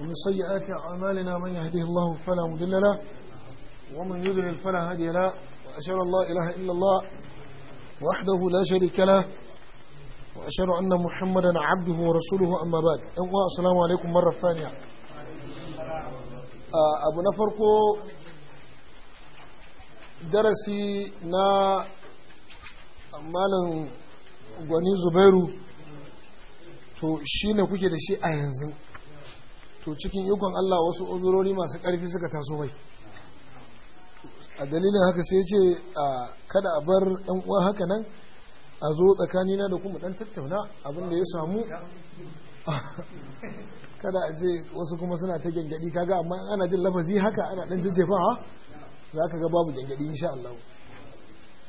ومن سيئات أعمالنا من يهده الله فلا مضل له ومن يضلل فلا هادي له وأشهد أن لا إله إلا الله وحده لا شريك له وأشهد أن محمدا عبده ورسوله أما بعد أيوة السلام عليكم مرة ثانية أبو نفرقو درسي نا مالا gwani zubairu to shi ne kuke da shi a yanzu to cikin ikon Allah wasu uzurori masu ƙarfi suka taso mai a dalilin haka sai ce a kada a bar ɗan uwa haka nan a zo tsakanina da kuma ɗan tattauna abin da ya samu kada a ce wasu kuma suna ta gyangyaɗi kaga amma ana jin lafazi haka ana ɗan ha za ka ga babu gyangyaɗi insha Allah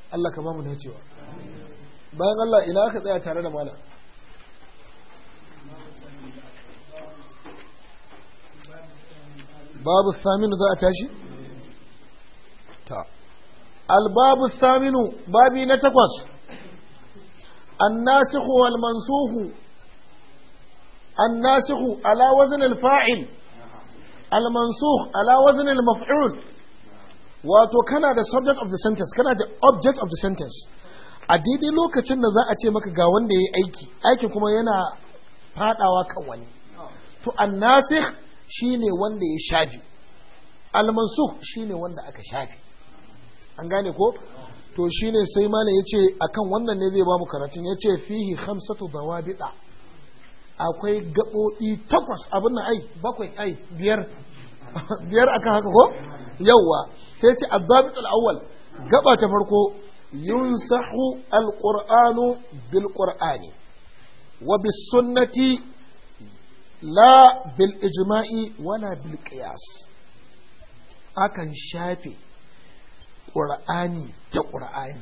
Allah ka mu dacewa bayan Allah ina aka tsaya tare da malam babu saminu za a tashi ta albabu saminu babi na takwas nasihu wal mansuhu nasihu ala wazin al fa'il al ala wazin al wato kana da subject of the sentence kana da object of the sentence a daidai lokacin da za a ce maka ga wanda ya yi aiki aikin kuma yana fadawa kan wani to annasikh shine wanda ya shafi shi shine wanda aka shafi an gane ko to shine sai malam yace akan wannan ne zai ba mu karatun yace fihi khamsatu dawabita akwai gaɓoɓi takwas abin nan ai bakwai ai biyar biyar akan haka ko yawwa sai ce azabi awwal gaba ta farko yunsahu alqur'anu bil qur'ani wa bis la bil ijma'i wala bil akan shafe qur'ani da qur'ani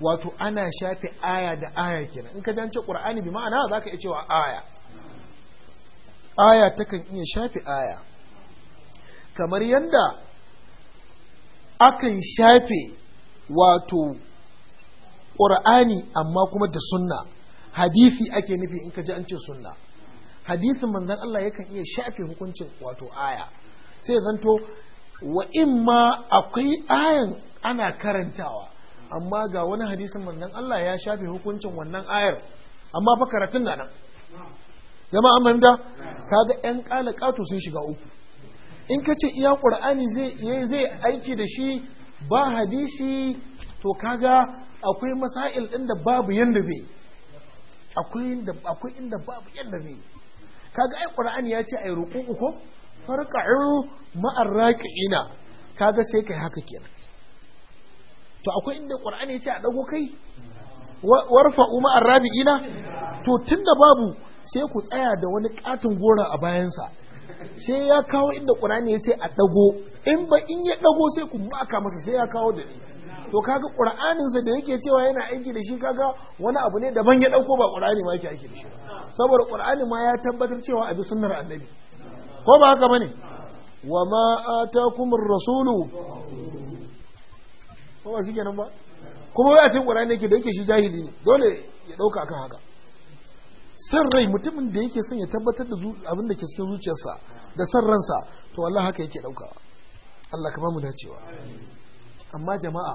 wato ana shafe aya da aya kenan in ka ce qur'ani bi ma'ana zaka iya cewa aya aya takan iya shafe aya kamar yanda akan shafe wato ƙur'ani amma kuma da sunna hadisi ake nufi in ka ji an ce sunna hadisin manzan Allah yakan iya shafe hukuncin wato aya sai zanto wa imma akwai ayan ana karantawa amma ga wani hadisin manzan Allah ya shafe hukuncin wannan ayar amma fa karatun na nan jama'a manda kaga yan kala-kato sun shiga uku in ka ce iya qur'ani zai aiki da shi ba hadisi to kaga akwai masail din da babu yanda zai akwai inda babu yanda zai kaga ai qur'ani ya ce ai ruku uku farqa'u ma'ar raqi'ina kaga sai kai haka kenan to akwai inda qur'ani ya ce a dago kai warfa'u ma'ar rabi'ina to tunda babu sai ku tsaya da wani katin gora a bayansa sai ya kawo inda qur'ani ya ce a dago in ba in ya dago sai ku maka masa sai ya kawo da ni to kaga qur'aninsa da yake cewa yana aiki da shi kaga wani abu ne daban ya dauko ba qur'ani ma yake aiki da shi saboda qur'ani ma ya tabbatar cewa abi sunnar annabi ko ba haka bane wa ma atakumur rasulu ko ba nan ba kuma ya ce cikin qur'ani yake da yake shi jahili ne dole ya dauka akan haka san rai mutumin da yake son ya tabbatar da abin da ke cikin zuciyarsa da san ransa to wallahi haka yake ɗauka. Allah ka ba mu dacewa amma jama'a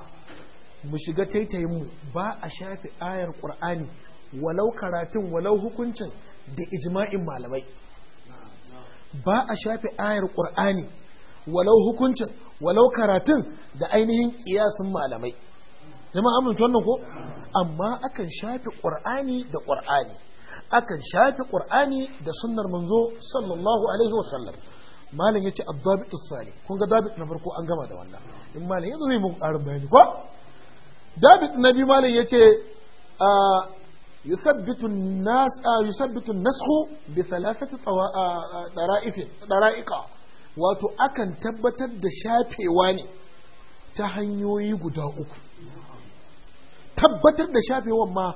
mu shiga taitayin mu ba a shafi ayar qur'ani walau karatun walau hukuncin da ijma'in malamai ba a shafe ayar ƙur'ani walau hukuncin walau karatun da ainihin ƙiyasin malamai jama'a amince wannan ko amma akan shafe ƙur'ani da ƙur'ani akan shafe ƙur'ani da sunnar manzo sallallahu alaihi wa sallam malam yace adabit sani kun ga dabit na farko an gama da wannan in malam yanzu zai muku ƙarin bayani ko dabit na biyu malam yace ah, يثبت الناس يثبت النسخ بثلاثة طرائق wato akan tabbatar da shafewa ne ta hanyoyi guda uku tabbatar da shafewan ma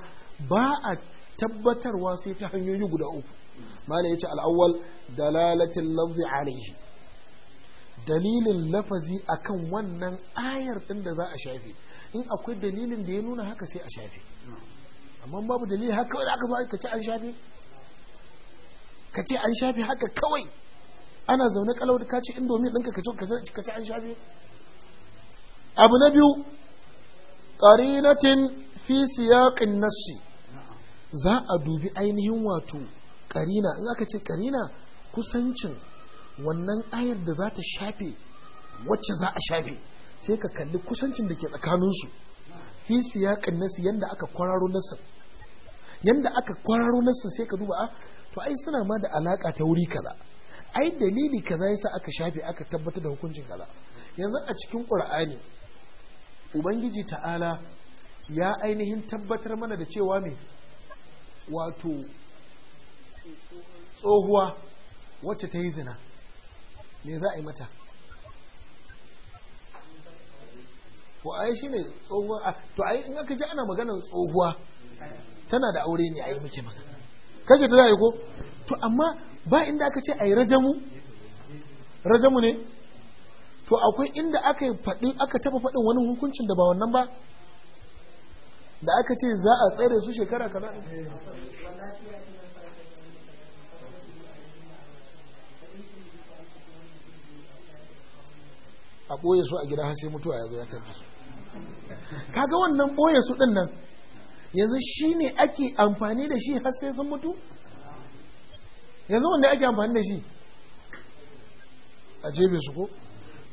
ba a tabbatarwa sai ta hanyoyi guda uku mala yace al'awwal dalalatin lafzi alaihi dalilin lafazi akan wannan ayar din da za a shafe in akwai dalilin da ya nuna haka sai a shafe amma babu dalili haka kawai aka zo ka ce an shafe ka ce an shafe haka kawai ana zaune kalau da ka ce indomi ɗinka ka ce an shafe abu na biyu ƙarinatin fi siyaƙin nassi za a dubi ainihin wato ƙarina in aka ce ƙarina kusancin wannan ayar da za ta shafe wacce za a shafe sai ka kalli kusancin da ke tsakaninsu fi siyaqin nasi yanda aka kwararo nasu yanda aka kwararo nasu sai ka duba a ah, to ai suna ma da alaka ta wuri kaza ai dalili kaza yasa aka shafe aka tabbatar da hukuncin kaza yanzu a cikin qur'ani ubangiji ta'ala ya ainihin tabbatar mana da cewa me wato tsohuwa wacce ta yi zina me za a yi mata to ai ne tsohuwa to ai in aka ji ana maganar tsohuwa tana da aure ne ai muke magana kace ta zai ko to amma ba inda aka ce ai rajamu rajamu ne to akwai inda aka faɗi aka taba faɗin wani hukuncin da ba wannan ba da aka ce za a tsere su shekara kaza a ɓoye su a gida har sai mutuwa ya zo ya tafi su kaga wannan ɓoye su ɗin nan yanzu shi ne ake amfani da shi har sai sun mutu yanzu wanda ake amfani da shi a jebe su ko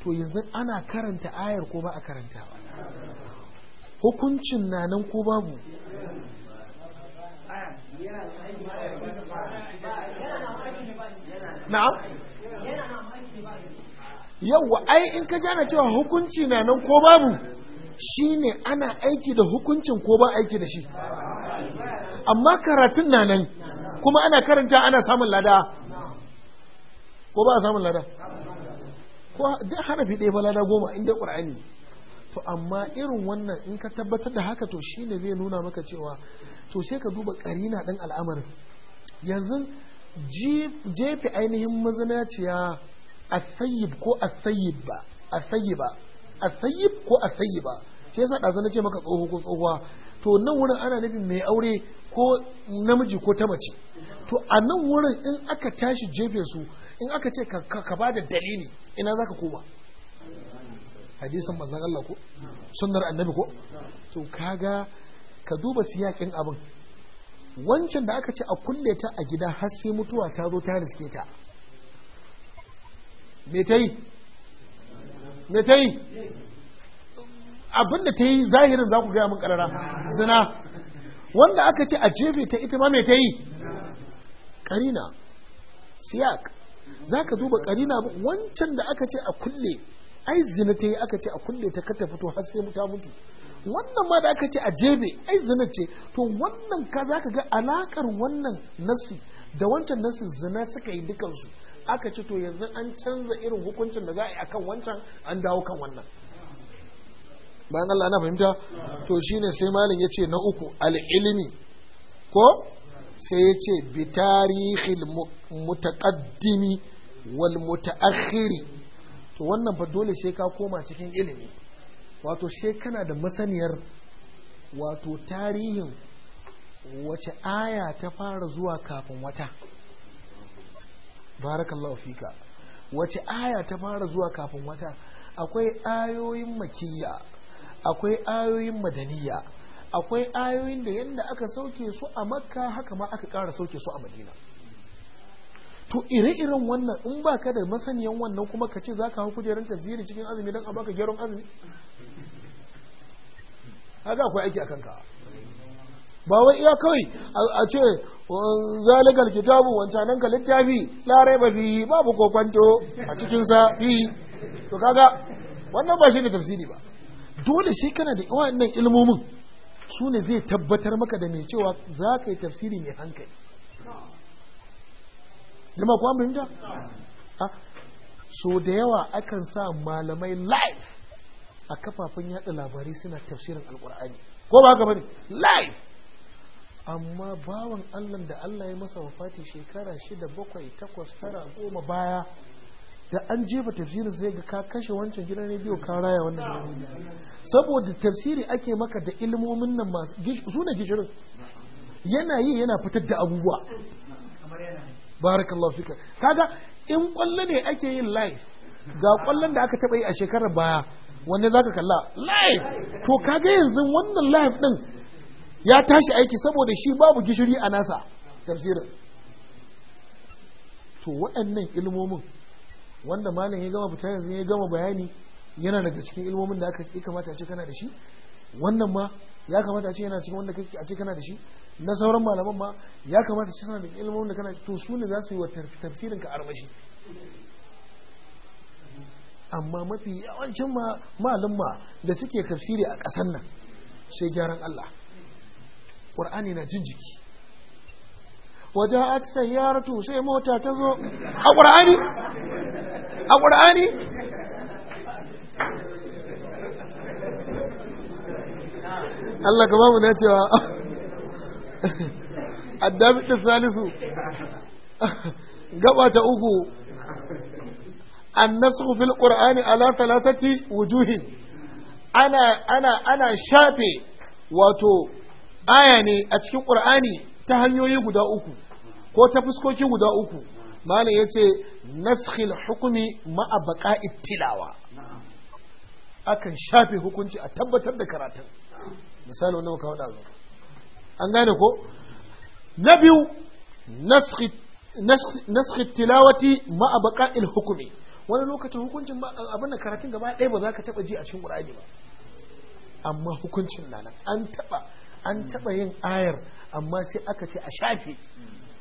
to yanzu ana karanta ayar ko ba a karanta ba hukuncin na nan ko babu na'am yawwa ai in ka jana cewa hukunci na nan ko babu Shi ne ana aiki da hukuncin ko ba aiki da shi amma karatun na nan kuma ana karanta ana samun lada ko ba a samun lada ko duk harafi ɗaya ba lada goma inda ƙur'ani to amma irin wannan in ka tabbatar da haka to shi ne zai nuna maka cewa to sai ka duba ƙarina ɗan al'amarin yanzu jefe ainihin mazinaciya a sayib ko a sayib ba a sayib ko a ba shi yasa ɗazu na ce maka tsoho ko tsohuwa to nan wurin ana nufin mai aure ko namiji ko ta mace to a nan wurin in aka tashi jefe su in aka ce ka ba da dalili ina za ka koma hadisin manzon Allah ko sunnar annabi ko to kaga ka duba siyakin abin wancan da aka ce a kulle ta a gida har sai mutuwa ta zo ta riske ta me ta yi me ta yi abin da ta yi zahirin za ku gaya min karara zina wanda aka ce a jefe ta ita ma mai ta yi karina siyak za ka duba karina wancan da aka ce a kulle ai zina ta yi aka ce a kulle ta kata fito har sai ta mutu wannan ma da aka ce a jebe ai zina ce to wannan ka za ka ga alakar wannan nasu da wancan nasu zina suka yi dukansu aka ce to yanzu an canza irin hukuncin da za a yi akan wancan an dawo kan wannan bayan Allah ana fahimta to shine sai malam ya ce na uku al'ilimi ko sai ya ce bi tarihil mutaqaddimi wal mutaakhiri to wannan fa dole sai ka koma cikin ilimi wato sai kana da masaniyar wato tarihin wace aya ta fara zuwa kafin wata barakallahu fika wace aya ta fara zuwa kafin wata akwai ayoyin makiyya akwai ayoyin madaniya akwai ayoyin da yadda aka sauke su a makka haka ma aka kara sauke su a madina to ire-iren wannan in ba ka da masaniyan wannan kuma ka ce za ka hau kujerun tafsiri cikin azumi don a baka gyaron azumi haka akwai aiki a kanka ba wai iya kawai a ce zaligar kitabu wancanan ka littafi larai ba fi babu kokwanto a cikinsa fi to kaga wannan ba shi ne tafsiri ba dole sai kana da waɗannan ilmomin su ne zai tabbatar maka da mai cewa za ka yi tafsiri mai hankali jama kuwa fahimta so da yawa akan sa malamai live a kafafen yada labarai suna tafsirin alkur'ani ko ba haka bane live amma bawan allah da allah ya masa wafati shekara shida bakwai takwas tara goma baya da an jefa tafsirin sai ga ka kashe wancan gidan biyu ka raya wannan gidan ne saboda tafsiri ake maka da ilmomin nan masu su ne gishirin yana yi yana fitar da abubuwa barakallahu fika kaga in kwallo ne ake yin live ga kwallon da aka taba yi a shekarar baya wanne zaka kalla live to kaga yanzu wannan live din ya tashi aiki saboda shi babu gishiri a nasa tafsirin to waɗannan ilmomin wanda malam ya gama fita yanzu ya gama bayani yana daga cikin ilmomin da aka ya kamata a ce kana da shi wannan ma ya kamata a ce yana cikin wanda kake a ce kana da shi na sauran malaman ma ya kamata su sanar da ilmomin da kana to su ne za su yi wa tafsirin ka armashi amma mafi yawancin ma da suke tafsiri a ƙasar nan sai gyaran Allah Al-Qur'ani na jin jiki wajen ya sayyaratu sai mota ta zo a Al-Qur'ani. a ƙur'ani Allah ka mu na cewa addabi da salisu gaba ta uku annasu fil qur'ani ala thalathati wujuhin ana ana shafe wato aya ne a cikin qur'ani ta hanyoyi guda uku ko ta fuskoki guda uku ya ce naskhil hukumi ma'a baqa'i tilawa akan shafe hukunci a tabbatar da karatun misali wannan ka wada zo an gane ko na biyu naskhi tilawati ma'a baqa'il hukumi wani lokacin hukuncin abin da karatun gaba ɗaya ba za ka taɓa ji a cikin ƙur'ani ba amma hukuncin na nan an taɓa an taɓa yin ayar amma sai aka ce a shafe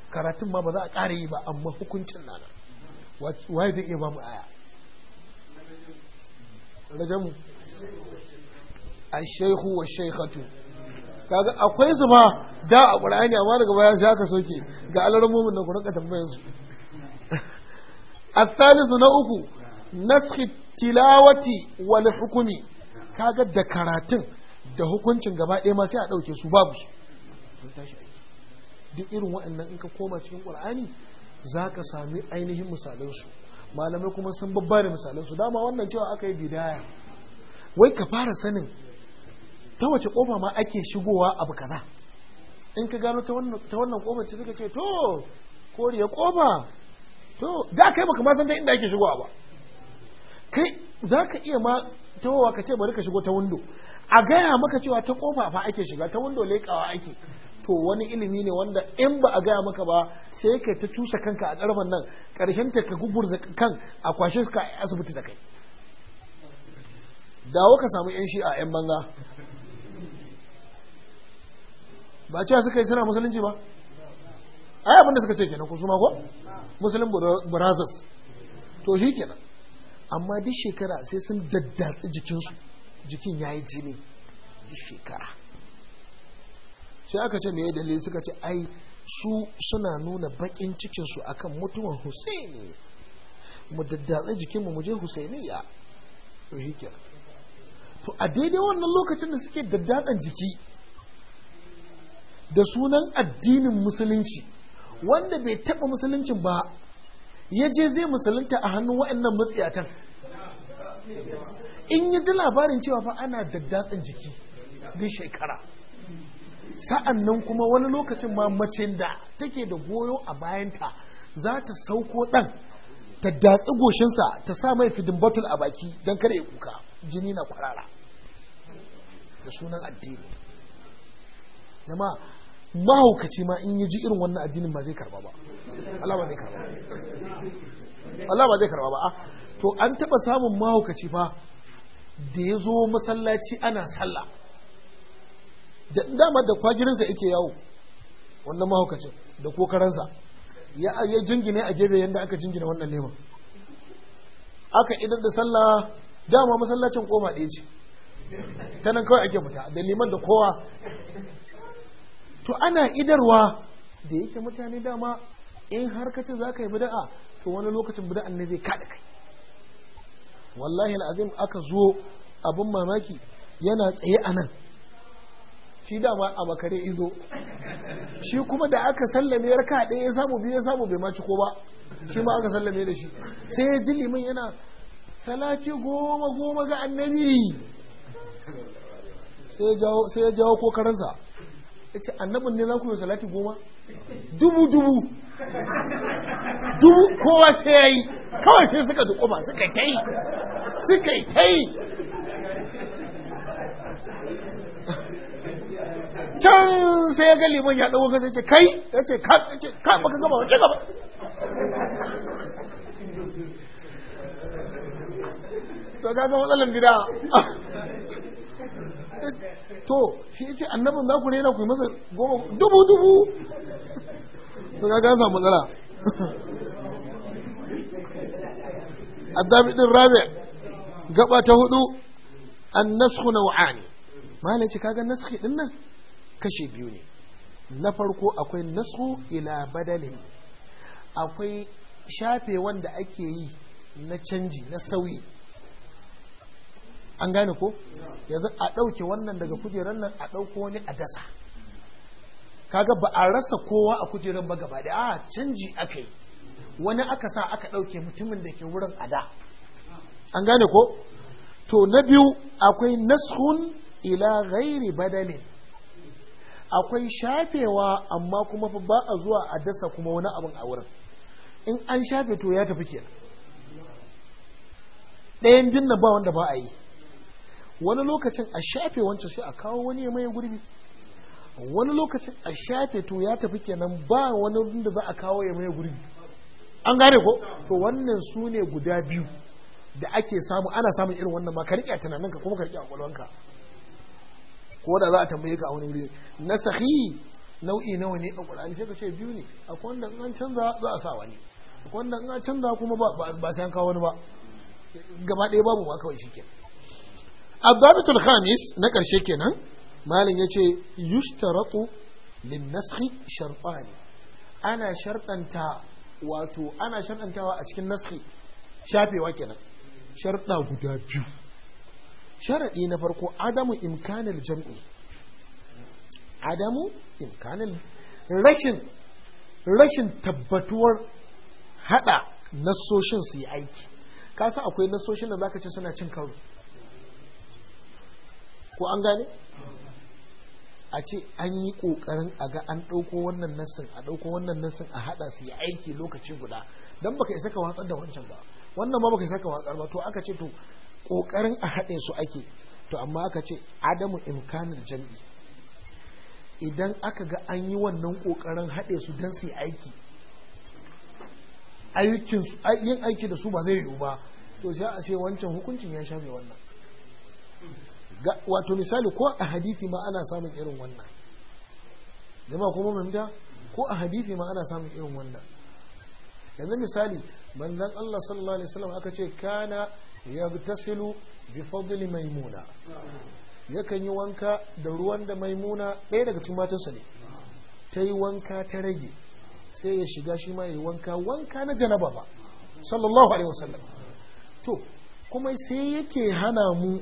karatun ma ba za a ƙara yi ba amma hukuncin nana waye zai iya ba mu aya rajamu ashaihu wa shaikhatu kaga akwai su ma da a qur'ani amma daga bayan sai aka soke ga alarmomin da ku rika tambayar su uku نأكو tilawati wani hukumi kaga da karatun da hukuncin gaba ɗaya ma sai a ɗauke su babu su duk irin waɗannan in ka koma cikin qur'ani za ka sami ainihin misalansu malamai kuma sun babba da misalansu dama wannan cewa aka yi bidaya wai ka fara sanin ta wace ƙofa ma ake shigowa abu kaza in ka gano ta wannan ƙofar ce suka ce to koriya ƙofa to da kai baka ma san ta inda ake shigowa ba kai za ka iya ma tawowa ka ce bari ka shigo ta windo a gaya maka cewa ta ƙofa fa ake shiga ta windo leƙawa ake to wani ilimi ne wanda in ba a gaya maka ba sai yake ta cusa kanka a ƙarfan nan ƙarshen ta ka gugurza kan a kwashe ka a asibiti da kai dawo ka samu yan shi a yan banza ba cewa suka yi suna musulunci ba ai abin da suka ce kenan ko ko musulun brothers to shi kenan amma duk shekara sai sun daddatsi jikinsu jikin ya yi jini duk shekara sai aka ce me dalili suka ce ai su suna nuna bakin cikinsu akan mutuwan husaini mu daddatsa jikinmu mu je husainiya to shi to a daidai wannan lokacin da suke daddatsan jiki da sunan addinin musulunci wanda bai taɓa musuluncin ba ya je zai musulunta a hannun waɗannan matsiyatan in yi ji labarin cewa fa ana daddatsan jiki bi shekara sa'an nan kuma wani lokacin ma mace da take da goyo a bayanta za ta sauko ɗan ta datsi goshinsa ta sa mai fidin batul a baki don kare ya kuka jini na kwarara da sunan addini jama mahaukaci ma in yi ji irin wannan addinin ba zai karba ba Allah ba zai karba Allah ba zai karba ba ah, to an taba samun mahaukaci fa da ya zo masallaci ana sallah da dama da kwagirinsa yake yawo wannan mahaukacin da kokaransa ya ya jingine a gefe yadda aka jingina wannan neman. aka idan da sallah dama masallacin koma ɗaya ce ta nan kawai ake fita da liman da kowa to ana idarwa da yake mutane dama in har kace za ka yi bida'a to wani lokacin bida'an ne zai kaɗa kai wallahi al'azim aka zo abin mamaki yana tsaye a nan shi dama a makare izo shi kuma da aka sallame raka ɗaya ya samu biyu ya samu bai maci ko ba shi ma aka sallame da shi sai ya ji limin yana salati goma goma ga annabi sai ya jawo kokarinsa ya ce annabin ne za ku yi salati goma dubu dubu dubu kowa sai ya yi kawai sai suka tukuma suka yi suka yi ta yi can sai ya ga liman ya dago kai ce kai ya ce ka ka baka gaba wace gaba to kaga matsalan gida to shi ce annabin za ku rena ku yi masa goma dubu dubu to kaga samu matsala الدابئ الرابع قبته هدو النسخ نوعان ce لنشي كاقا النسخ nan Kashe biyu ne na farko akwai nasu ila badalin akwai shafe wanda ake yi na canji na sauyi an gane ko yanzu a ɗauke wannan daga kujerar nan a ɗauko wani a dasa kaga ba a rasa kowa a kujerar ba gaba da a canji aka yi wani aka sa aka ɗauke mutumin da ke wurin a da an gane ko to na biyu akwai nashun ila ghairi badalin akwai shafewa amma kuma fa ba a zuwa a dasa kuma wani abin a wurin in an shafe to ya tafi kenan ɗayan jinna ba wanda ba a yi wani lokacin a shafe wancan sai a kawo wani ya maye gurbi wani lokacin a shafe to ya tafi kenan ba wani da za a kawo ya maye gurbi an gane ko to wannan su ne guda biyu da ake samu ana samun irin wannan ma ka riƙe tunaninka kuma ka riƙe ƙwaƙwalwanka ko da za a tambaye ka a wani wuri nasahi nau'i nawa ne a qur'ani sai ka ce biyu ne akwai wanda an canza za a sa wani akwai wanda an canza kuma ba ba sai an kawo wani ba gaba ɗaya babu ma kawai shike abdabitul khamis na ƙarshe kenan malin yace yushtaratu lin naskhi shartani ana sharɗanta wato ana sharɗantawa a cikin naskhi shafewa kenan sharɗa guda biyu sharaɗi na farko adamu imkanil jam'i adamu imkanil rashin rashin tabbatuwar hada nasoshin su yi aiki kasa akwai nasoshin da zaka ce suna cin karo ko an gane a ce an yi kokarin a ga an ɗauko wannan nassin a ɗauko wannan nassin a hada su yi aiki lokaci guda don baka isa ka watsar da wancan ba wannan ma baka isa ka watsar ba to aka ce to ƙoƙarin a haɗe su ake to amma aka ce adamu imkanin jam'i idan aka ga an yi wannan ƙoƙarin haɗe su don su yi aiki yin aiki da su ba zai yiwu ba to sai a ce wancan hukuncin ya shafe wannan wato misali ko a hadithi ma ana samun irin wannan zama kuma mamda ko a hadithi ma ana samun irin wannan yanzu misali manzan Allah sallallahu alaihi wasallam aka ce kana yagtasilu bi fadli maimuna yakan yi wanka da ruwan da maimuna ɗaya daga cikin matansa ne ta yi wanka ta rage sai ya shiga shi ma ya yi wanka wanka na janaba ba sallallahu alaihi wasallam to kuma sai yake hana mu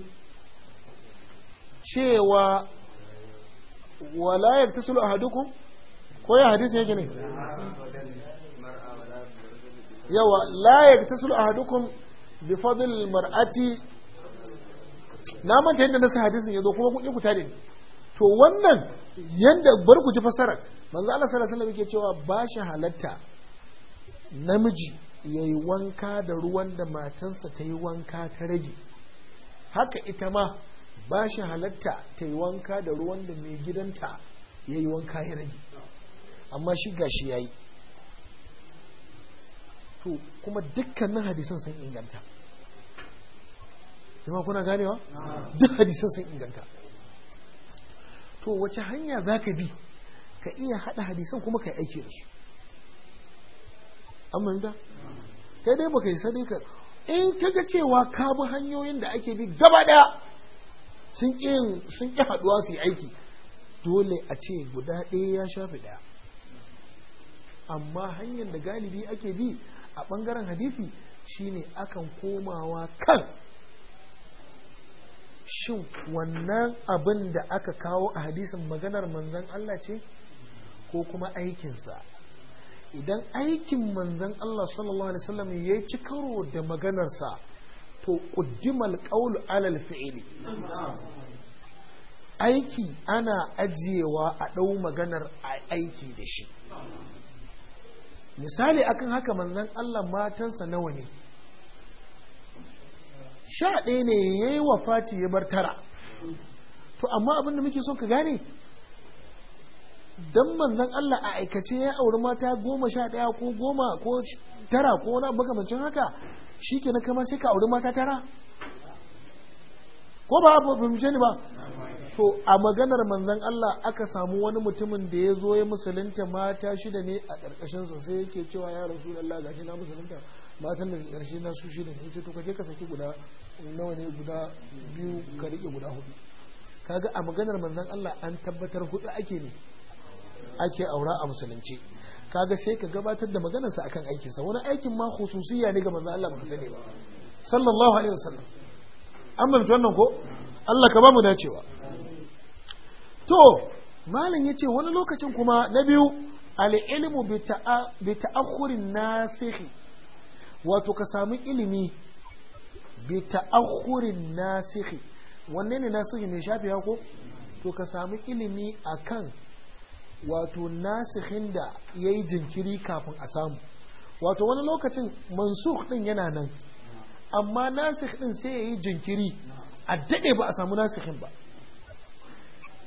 cewa wala yaktasulu ahadukum ko ya hadisi yake ne yawa la yaktasulu ahadukum bi fadl mar'ati na manta yadda nasu hadisin yazo kuma kun ku tare to wannan yadda bar ku ji fasarar manzo Allah sallallahu alaihi wasallam yake cewa ba shi halatta namiji yayi wanka da ruwan da matansa ta yi wanka ta rage haka ita ma ba shi halatta ta yi wanka da ruwan da mai gidanta ya yi wanka ya rage amma shi gashi ya yi to kuma dukkanin hadisan sun inganta jama'a kuna ganewa duk hadisan sun inganta to wace hanya za ka bi ka iya haɗa hadisan kuma ka yi aiki da su amma da ka dai baka yi sadi ka in ka ga cewa ka hanyoyin da ake bi gaba ɗaya sun ƙi sun ƙi haɗuwa su yi aiki dole a ce guda ɗaya ya shafi ɗaya amma hanyar da galibi ake bi a ɓangaren hadisi shine akan komawa kan shin wannan abin da aka kawo a hadisin maganar manzan Allah ce ko kuma aikinsa idan aikin manzan Allah sallallahu alaihi wasallam ya ci karo da maganarsa to quddimal qawlu alal fi'li aiki ana ajiyewa a ɗau maganar aiki da shi misali akan haka manzon Allah matansa nawa ne sha ɗaya ne ya yi wafati ya bar tara to amma abin da muke son ka gane dan manzon Allah a aikace ya auri mata goma sha ɗaya ko goma ko tara ko wani makamancin haka shi ke na kama sai ka auri mata tara ko ba a fahimce ni ba to a maganar manzon Allah aka samu wani mutumin da ya zo ya musulunta mata shida ne a ƙarƙashin sa sai yake cewa ya Allah gashi na musulunta matan da ƙarshe na su shida ne ce to kaje ka saki guda nawa ne guda biyu ka rike guda hudu kaga a maganar manzon Allah an tabbatar hudu ake ne ake aura a musulunci kaga sai ka gabatar da maganarsa akan aikinsa wani aikin ma khususiyya ne ga manzon Allah ba sani ba sallallahu alaihi wasallam an fahimci wannan ko Allah ka ba mu dacewa to malam ya ce wani lokacin kuma na biyu al'ilmu bi ta'akhurin nasihi wato ka samu ilimi bi ta'akhurin nasihi wanne ne nasihi ne shafi ko to ka samu ilimi akan wato nasihin da ya yi jinkiri kafin a samu wato wani lokacin mansukh din yana nan amma nasihin sai ya yi jinkiri a daɗe ba a samu nasihin ba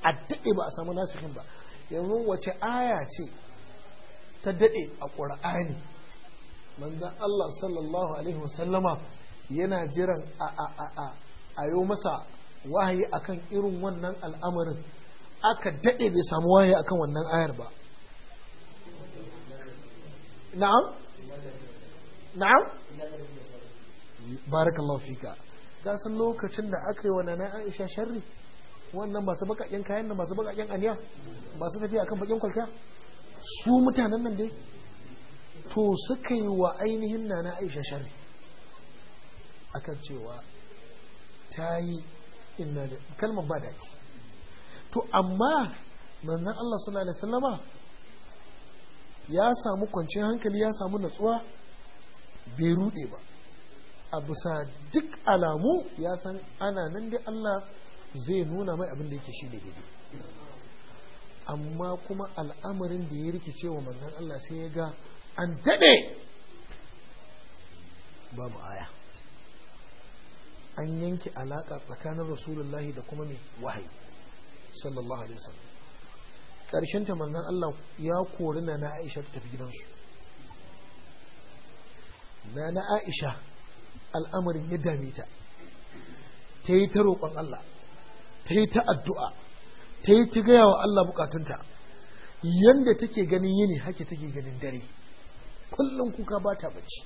a daɗe ba a samu nasihin ba yanzu wace aya ce ta daɗe a ƙur'ani manzon Allah sallallahu alaihi wasallama yana jiran a a a a masa wahayi akan irin wannan al'amarin aka daɗe bai samu wahayi akan wannan ayar ba na'am na'am barakallahu fika ga san lokacin da aka yi wa nana Aisha sharri wannan masu bakaƙen kayan nan masu bakaƙen aniya masu tafiya kan bakin kwalta su mutanen nan dai to suka yi wa ainihin na na aisha shari akan cewa ta yi inna da kalmar ba daɗi to amma manzon Allah suna da wasallama ya samu kwanciyar hankali ya samu natsuwa bai rude ba a bisa duk alamu ya san ana nan dai Allah zai nuna mai abin da yake shi da gidi amma kuma al'amarin da ya rikice wa manzan Allah sai ya ga an daɗe babu aya an yanke alaƙa tsakanin rasulullahi da kuma mai wahayi sallallahu alaihi wasallam ƙarshen ta manzan Allah ya kori na Aisha ta tafi gidansu na na Aisha al'amarin ya dame ta ta yi ta roƙon Allah ta yi ta addu'a ta yi ta gaya wa Allah bukatunta yanda take ganin yini hake take ganin dare kullum kuka ba ta bacci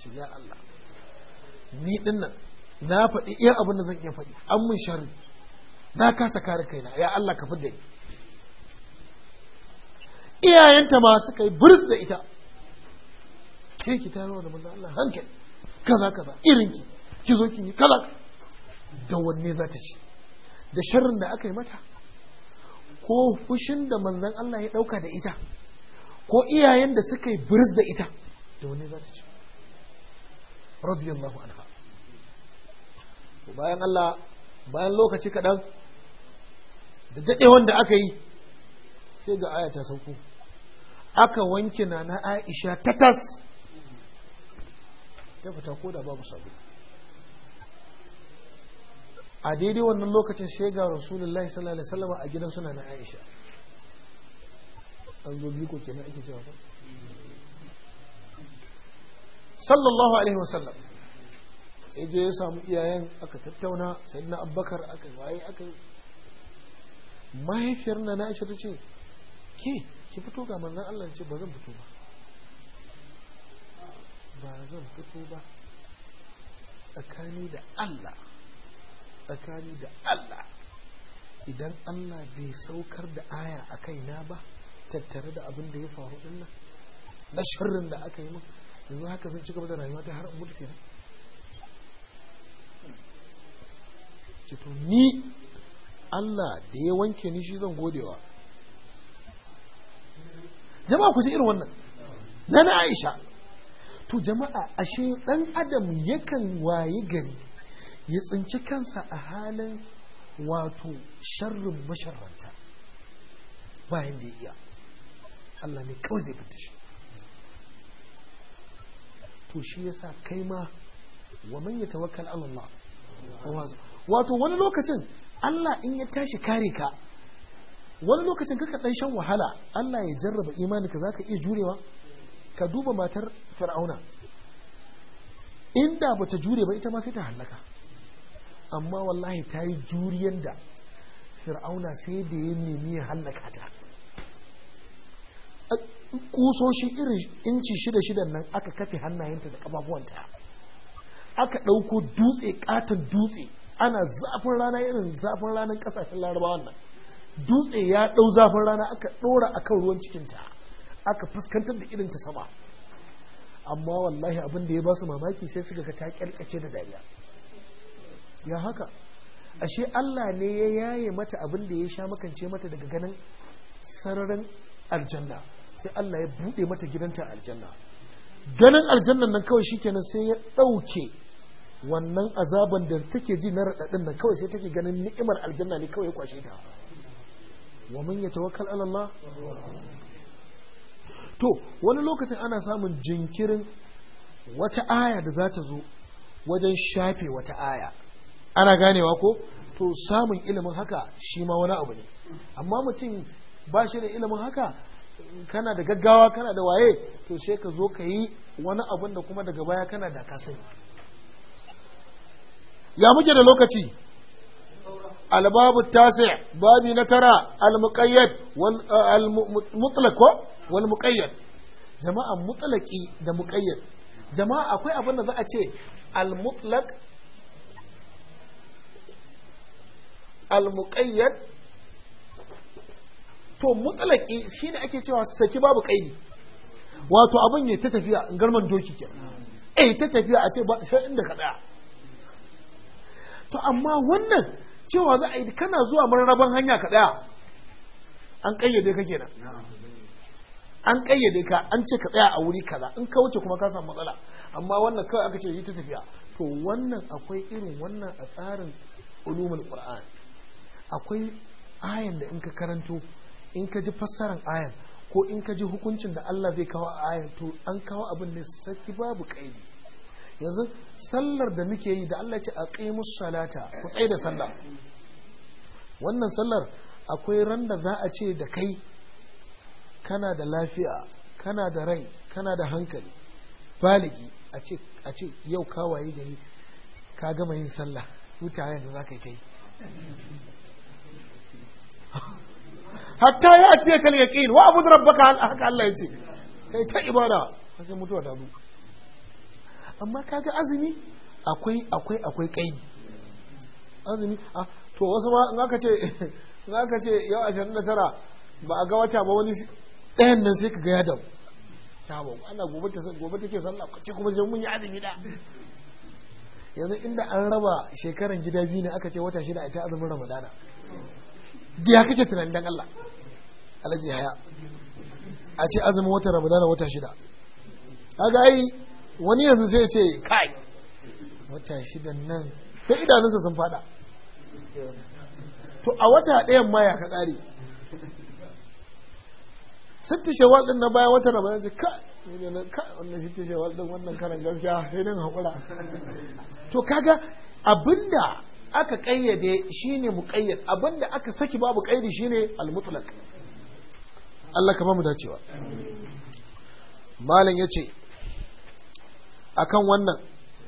shi ya Allah ni dinnan na faɗi iya abin da zan iya faɗi an mun sharri na kasa kare kaina ya Allah ka fidda ni iyayenta ma suka yi da ita ke ki tayarwa da manzo Allah hankali kaza kaza irin ki zo ki yi kaza da wanne za ta ci da sharrin da aka yi mata ko fushin da manzan Allah ya ɗauka da ita ko iyayen da suka yi birs da ita da wani za ta ci radiyallahu anha bayan Allah bayan lokaci kaɗan da daɗewan da aka yi sai ga aya ta sauko aka wanke Nana Aisha tatas ta fita ko da babu sabu a daidai wannan lokacin sai ga rasulullahi sallallahu alaihi wasallam a gidan suna na aisha an zo biko kenan ake cewa ba sallallahu alaihi wasallam sai je ya samu iyayen aka tattauna sai na abbakar aka waye aka mahaifiyar na aisha ta ce ke ki fito ga manzon Allah ce ba zan fito ba ba zan fito ba tsakani da Allah tsakani da Allah idan Allah bai saukar da aya a kaina ba tattare da abin da ya faru din nan na sharrin da aka yi min yanzu haka zan ci gaba da rayuwa ta har in mutu kenan to ni Allah da ya wanke ni shi zan godewa jama'a ku ji irin wannan na na Aisha to jama'a ashe dan adam yakan waye gari ya tsinci kansa a halin wato sharrin masharranta bayan da iya Allah ne kawai zai fita shi to shi sa kai ma wa man yatawakkal ala Allah wato wani lokacin Allah in ya tashi kare ka wani lokacin kaka ɗan shan wahala Allah ya jarraba za ka iya jurewa ka duba matar fir'auna inda bata jure ba ita ma sai ta hallaka amma wallahi ta yi juriyan da fir'auna sai da ya nemi ya hallaka ta kusoshi irin inci shida shidan nan aka kafe hannayenta da kafafuwanta aka ɗauko dutse katon dutse ana zafin rana irin zafin ranar ƙasashen larabawan nan dutse ya ɗau zafin rana aka ɗora a kan ruwan cikinta aka fuskantar da irinta sama amma wallahi abin da ya ba su mamaki sai suka ga ta kyalkace da dariya ya haka ashe Allah ne ya yaye mata abin da ya sha makance mata daga ganin sararin aljanna sai Allah ya bude mata gidanta aljanna ganin aljannan nan kawai shikenan sai ya ɗauke wannan azaban da take ji na raɗaɗin nan kawai sai take ganin ni'imar aljanna ne kawai ya kwashe ta wa man yatawakkal ala Allah to wani lokacin ana samun jinkirin wata aya da za ta zo wajen shafe wata aya ana ganewa ko to samun ilimin haka shi ma wani abu ne amma mutum ba shi da ilimin haka kana da gaggawa kana da waye to sai ka zo ka yi wani abun da kuma daga baya kana da kasai ya muke da lokaci albabu tasi babi na tara almuqayyad wal eh, mutlaq wal muqayyad jama'a mutlaqi da muqayyad jama'a akwai abin da za a ce al al-muqayyad to mutalaki shine ake cewa saki babu kaidi wato abin yayi ta tafiya in garman doki ke eh ta tafiya a ce ba sai inda ka daya to amma wannan cewa za a yi kana zuwa mararraban hanya ka daya an kayyade ka kenan an kayyade ka an ce ka tsaya a wuri kaza in ka wuce kuma ka samu matsala amma wannan kawai aka ce yi ta tafiya to wannan akwai irin wannan a tsarin ulumul qur'ani akwai ayan da in ka karanto in ka ji fassaran ayan ko in ka ji hukuncin da Allah zai kawo a ayan to an kawo abin ne saki babu kaidi yanzu sallar da muke yi da Allah ce a ƙimus salata ku tsaye da sallah wannan sallar akwai ran da za a ce da kai kana da lafiya kana da rai kana da hankali baligi a ce yau kawaye gari ka gama yin sallah mutayen da za ka hatta ya ce kal yaqin wa abud rabbaka haka Allah ya ce kai ta ibada sai mutuwa ta zo amma kaga azumi akwai akwai akwai kai azumi a ah, to wasu ma zaka ce zaka ce yau 29 ba a ga wata ba wani ɗayan nan sai ka ga ya damu shawo ana gobe ta gobe take sallah ce kuma sai mun yi azumi da yanzu inda an raba shekaran gida biyu ne aka ce wata shida a ta azumin ramadana ya kake tunanin dan Allah alhaji haya a ce azumin watan ramadana wata shida kaga ai wani yanzu sai ce kai wata shida nan sai idanunsa sun fada to a wata ɗayan maya ka ƙare sitti shawal din na baya wata ramadan ce ka ne wannan sitti shawal din wannan karan gaskiya sai din haƙura. to kaga abinda aka kayyade shine muqayyad abinda aka saki babu kaidi shine al-mutlaq Allah ka ba mu dacewa malam yace akan wannan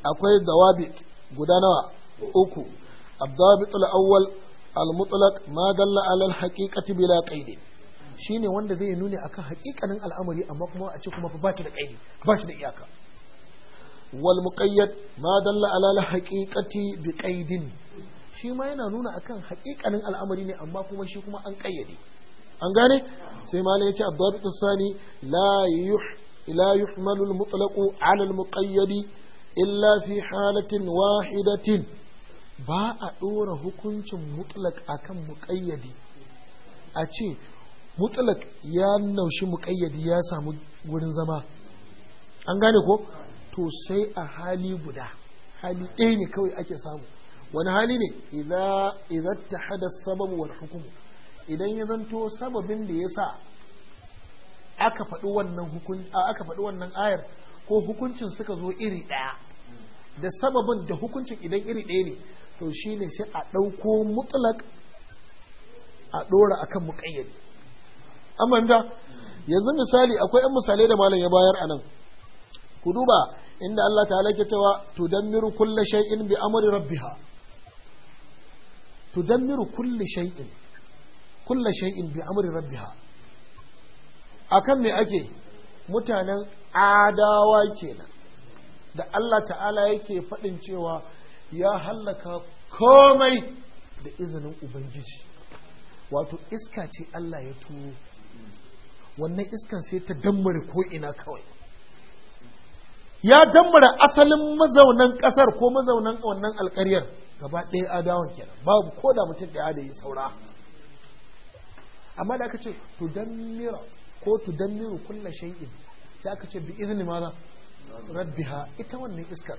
akwai dawabi guda nawa uku abdabitul awwal al ma dalla ala alhaqiqati bila qaid shine wanda zai nuni akan hakikanin al'amari amma kuma a ce kuma ba ta da qaidi ba shi da iyaka wal muqayyad ma dalla ala alhaqiqati bi qaidin shi ma yana nuna akan haƙiƙanin al'amari ne amma kuma shi kuma an ƙayyade an gane sai malai ya ce abdabitu sani la la yuhmalu al-mutlaqu ala al illa fi halatin wahidatin ba a dora hukuncin mutlaq akan muqayyadi a ce mutlaq ya naushi muqayyadi ya samu wurin zama an gane ko to sai a hali guda hali ɗaya ne kawai ake samu wani hali ne idan ta hada sababu wal hukumu idan ya zanto sababin da ya sa aka faɗi wannan faɗi wannan ayar ko hukuncin suka zo iri ɗaya da sababin da hukuncin idan iri ɗaya ne to shi ne sai a ɗauko mutlak a ɗora akan muƙayyadi amma yanzu misali akwai yan misalai da malam ya bayar a nan ku duba inda Allah ta ke cewa tudammiru kulle shay'in bi amri rabbiha tudammiru kulle shay'in kulla shay'in bi amri rabbiha akan me ake mutanen adawa kenan da Allah ta'ala yake faɗin cewa ya hallaka komai da izinin ubangiji wato iska ce Allah ya turo wannan iskan sai ta dammare ko'ina kawai ya dammare asalin mazaunan ƙasar ko mazaunan wannan alƙaryar gaba ɗaya adawan kenan babu ko da mutum da ya saura amma da aka ce dan mira ko dan mira kullu shay'in da aka ce bi izni maza rabbiha ita wannan iskar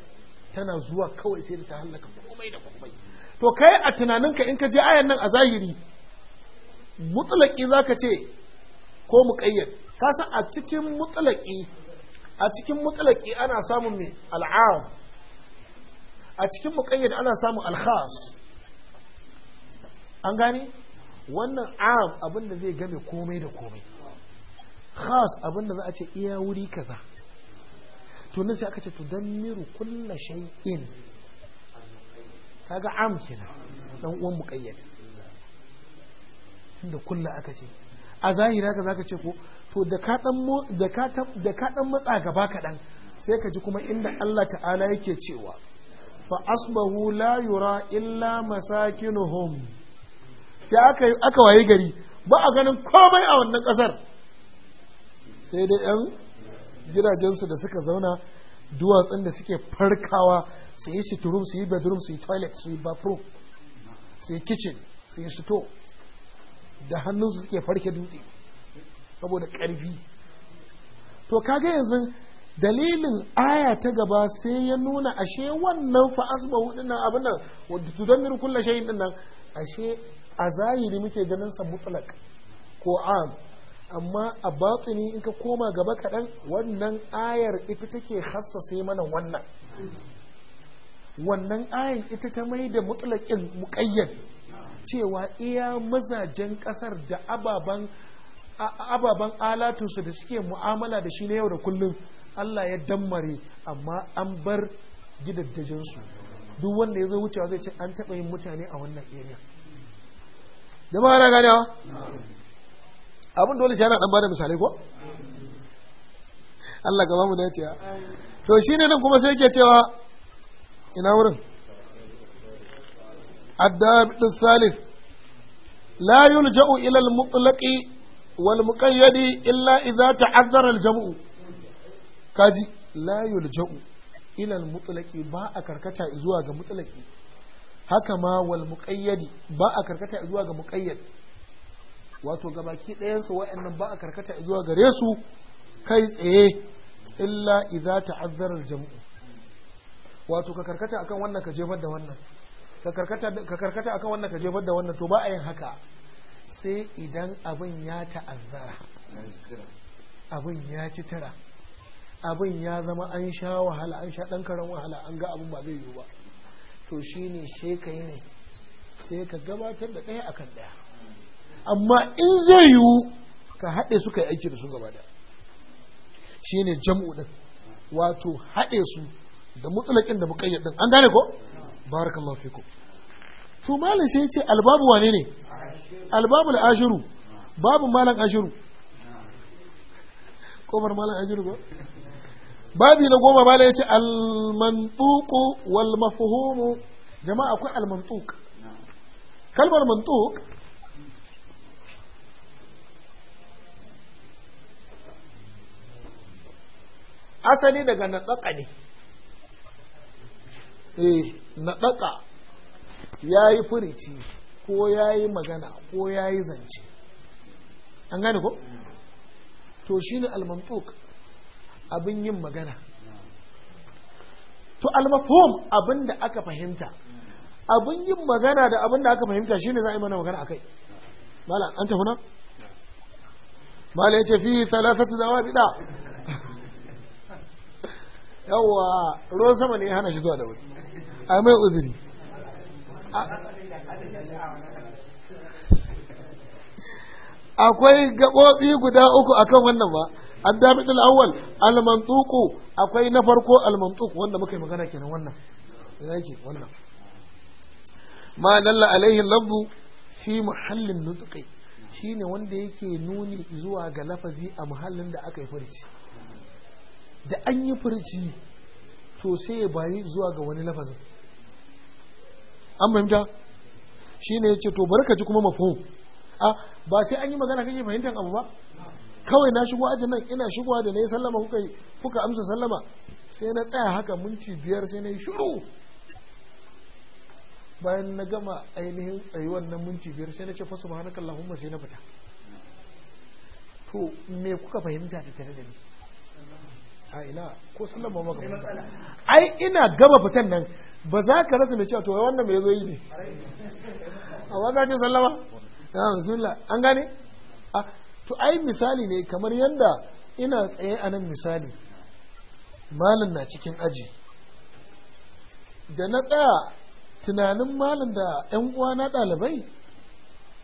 tana zuwa kawai sai da ta halaka komai da komai to kai a tunaninka in ka je ayan nan a zahiri mutlaki zaka ce ko muqayyad ka san a cikin mutlaki a cikin mutlaki ana samun me al'am a cikin muqayyad ana samun al-khas an gani. wannan am abin da zai game komai da komai khas abin da za a ce iya wuri kaza to nan sai aka ce to dammiru kulla shay'in kaga am kina dan uwan muqayyad tunda kulla aka ce a zahira ka zaka ce ko to da ka dan da ka da ka dan matsa gaba dan sai ka ji kuma inda Allah ta'ala yake cewa fa asbahu la yura illa masakinuhum sai aka aka waye gari ba a ganin komai a wannan kasar sai dai yan gidajensu da suka zauna duwatsun da suke farkawa su yi siturum su yi bedroom su yi toilet su yi bathroom su yi kitchen su yi sito da hannunsu suke farke dutse saboda ƙarfi to kaga yanzu dalilin aya ta gaba sai ya nuna ashe wannan fa'asba hudunan abin nan wadda tudannin kulla shayin din nan ashe a zahiri muke ganin sa mutlak ko am amma a batini in ka koma gaba kaɗan wannan ayar ita take hassase mana wannan wannan ayar ita ta mai da mutlaƙin muƙayyar cewa iya mazajen ƙasar da ababen ababen su da suke mu'amala da shi na yau da kullum Allah ya dammare amma an bar su, duk wanda ya zo wucewa zai ce an taɓa yin mutane a wannan area jama'a na wa abin dole shi yana dan da misali ko Allah gaba mu da ya to shi ne nan kuma sai yake cewa ina wurin addabit salis la yulja'u ila al-mutlaqi wal muqayyadi illa idza ta'azzara al-jam'u kaji la yulja'u ila al-mutlaqi ba a karkata zuwa ga mutlaqi haka ma wal muqayyadi ba a karkata zuwa ga muqayyad wato ga baki ɗayansu su wa'annan ba a karkata zuwa gare su kai tsaye illa idza ta'azzara al jam'u wato ka karkata akan wannan ka jefar da wannan ka karkata ka karkata akan wannan ka jefar da wannan to ba a yin haka sai idan abin ya ta'azzara abin ya ci tara abin ya zama an sha wahala an sha ɗan karan wahala an ga abin ba zai yiwu ba to shi ne shekai ne sai ka gabatar da ɗaya akan ɗaya amma in zai yiwu ka haɗe su ka yi aiki da su gaba da shine jam'u ɗin wato haɗe su da mutsalakin da muƙayyad din an gane ko barakallahu fikum to malam sai ce albabu wane ne albabul ashiru babu malam ashiru ko bar malam ashiru ba babi na goma ba ya ce almantuku wal mafuhumu jama'a akwai almantuk kalmar mantuk asali daga natsaka ne eh natsaka ya yi furici ko ya yi magana ko ya yi zance an gane ko to shi ne almantuk abin yin magana to almafom abin da aka fahimta abin yin magana da abin da aka fahimta shi ne za a yi mana magana kai. mala an tafi nan mala ya ce fi talatatu zawabida yawwa ruwan sama ne ya hana shi zuwa da wuri a mai uzuri akwai gaɓoɓi guda uku akan wannan ba Addabi الدابد akwai na farko نفركو المنطوق wanda مكي مغانا كنا وانا يجي وانا ما دل عليه اللفظ في محل النطق shine wanda yake nuni zuwa ga lafazi a muhallin da aka yi furci da an yi furci to sai ya bayi zuwa ga wani lafazin an fahimta shine ya ce to bari ka ji kuma mafhum a ba sai an yi magana kake fahimtar abu ba kawai na shigo ajin nan ina shigowa da na yi sallama kuka amsa sallama sai na tsaya haka minti biyar sai na yi shiru bayan na gama ainihin tsayuwan na minti biyar sai na ce fasu ba hannun sai na fita to me kuka fahimta da tare da ni a ina ko sallama maka ai ina gama fitan nan ba za ka rasa mai cewa to wannan mai zo yi ne a wanda ce sallama na bismillah an gane to ai misali ne kamar yadda ina tsaye a nan misali malin na cikin aji da na tsaya tunanin malin da 'yan uwa na ɗalibai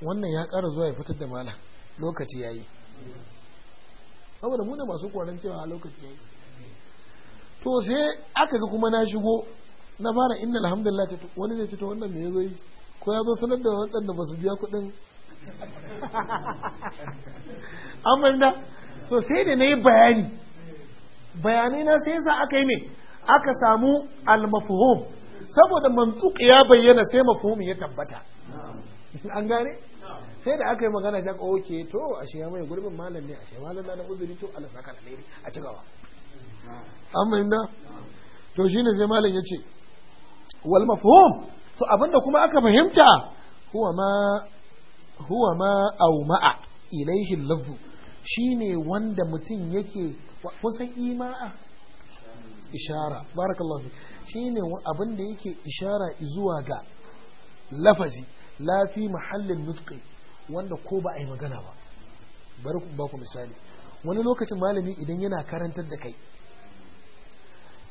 wannan ya ƙara zuwa ya fitar da malam lokaci ya yi saboda mu ne masu kwanan cewa lokaci ya yi to sai aka ga kuma na shigo na fara inna alhamdulillah wani zai ce to wannan me ya zo yi ko ya zo sanar da waɗanda ba su biya kuɗin an banda to sai da na yi bayani bayanai na sai sa aka yi ne aka samu almafuhum saboda mantuk ya bayyana sai mafuhum ya tabbata an gane sai da aka yi magana ta oke to ashe ya mai gurbin malam ne a ashe malam na uzuri to Allah saka lairi a ci gaba amma inda to shi ne sai malam yace wal mafhum to abinda kuma aka fahimta huwa ma huwa ma au ma'a ilaihi lafzu shine wanda mutum yake kusan ima'a ishara barakallahu fi shine abin da yake ishara zuwa ga lafazi la fi mahallin nutqi wanda ko ba a yi magana ba bari ku ba ku misali wani lokacin malami idan yana karantar da kai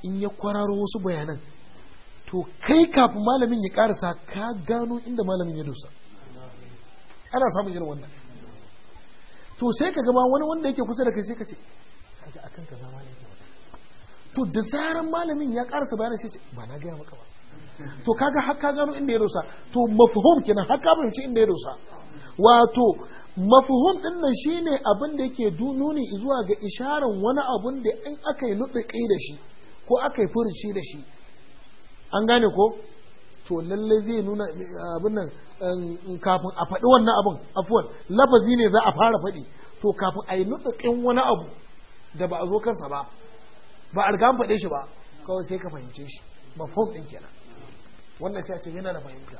in ya kwararo wasu bayanan to kai kafin malamin ya karasa ka gano inda malamin ya dosa ana samun irin wannan to sai ka gama wani wanda yake kusa da kai sai ka ce kaga akan ka zama ne to da zaran malamin ya karasa bayanin sai ce ba na gaya maka ba to kaga har ka gano inda ya dosa to mafhum kenan har ka fahimci inda ya dosa wato mafhum din nan shine abin da yake nuni zuwa ga isharar wani abun da in aka yi nutsi da shi ko aka yi furuci da shi an gane ko to lallai zai nuna abin nan kafin a faɗi wannan abin afuwan lafazi ne za a fara faɗi to kafin a yi nutsakin wani abu da ba a zo kansa ba ba a riga faɗe shi ba kawai sai ka fahimce shi fom ɗin kenan wannan sai a ce yana da fahimta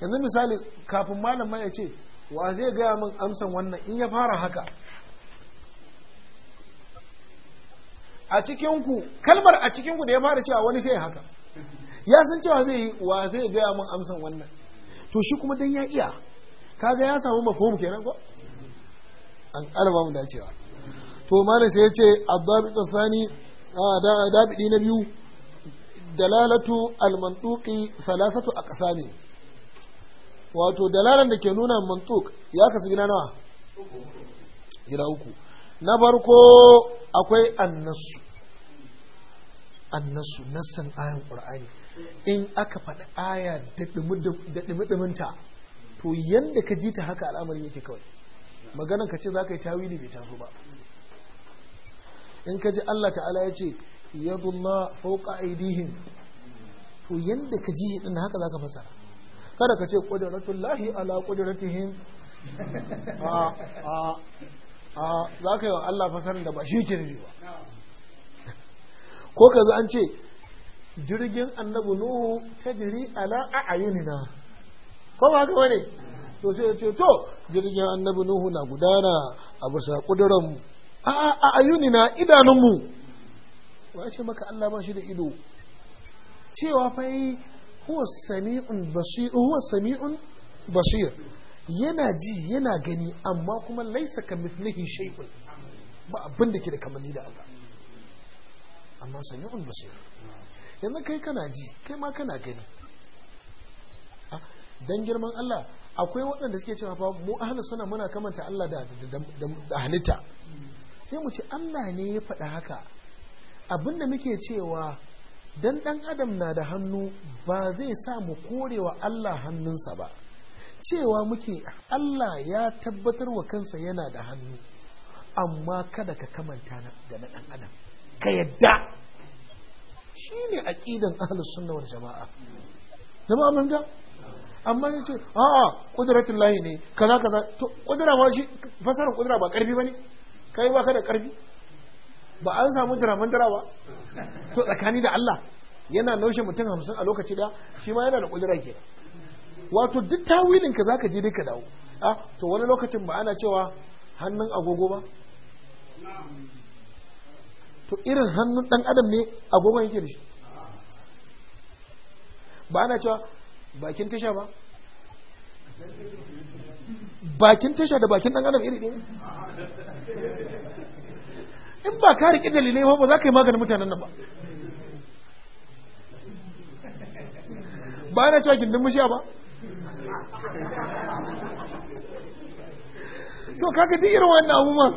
yanzu misali kafin malam ma ya ce wa zai gaya min amsan wannan in ya fara haka a cikinku kalmar a cikinku da ya fara cewa wani sai haka ya san cewa zai yi wa zai gaya min amsan wannan to shi kuma dan ya iya kaga ya samu mafhum kenan ko an alba mu dacewa to malam sai yace abdabitu sani dabidi na biyu dalalatu almantuqi salasatu aqsami wato dalalan da ke nuna mantuq ya kasu gina nawa gida uku na farko akwai annasu annasu nassan ayan qur'ani in aka faɗi aya da ɗumi-ɗuminta to yadda ka ji ta haka al'amari yake kawai maganan ka ce za ka yi tawili bai taso ba in ka ji Allah ta'ala ya ce yadullah fauka aidihin to yadda ka ji ɗin haka za ka fasa, kada ka ce lahi ala qudratihim a a a za ka yi wa Allah fasarar da ba shi ke ba ko ka an ce jirgin annabi nuhu ta jiri ala a'yunina ko ba haka ne to sai ce to jirgin annabi nuhu na gudana a bisa kudurar mu a a'yunina idanun mu wa ce maka Allah ba shi da ido cewa fa yi huwa sami'un basir huwa sami'un basir yana ji yana gani amma kuma laisa kamithlihi shay'un ba abin da ke da kamanni da Allah amma sami'un basir yanzu kai kana ji kai ma kana gani ah, dan girman Allah akwai waɗanda suke cewa fa mu ahli suna muna kamanta Allah da halitta sai mu ce Allah ne ya faɗa haka abinda muke cewa dan ɗan adam na da hannu ba zai sa mu korewa Allah hannunsa ba cewa muke Allah ya tabbatar wa kansa yana da hannu amma kada ka kamanta da na ɗan adam ka yadda shine aqidan ahlus sunna wal jamaa jama'a mun ga amma yace a'a kudratul lahi ne kaza kaza to kudura ma shi fasarar kudura ba karfi bane kai ba ka da karfi ba an samu diraman dara ba to tsakani da Allah yana naushe mutum hamsin a lokaci da shi ma yana da kudura ke wato duk tawilin ka zaka je dai ka dawo a ah, to wani lokacin ba ana cewa hannun agogo ba to irin hannun dan adam ne agogon yake da shi ba ana cewa bakin tasha ba bakin tasha da bakin dan adam iri ɗaya in ba ka riƙe dalilai ba ba za ka yi maganin mutanen nan ba ba ana cewa gindin mushiya ba to kaga duk irin wannan abubuwan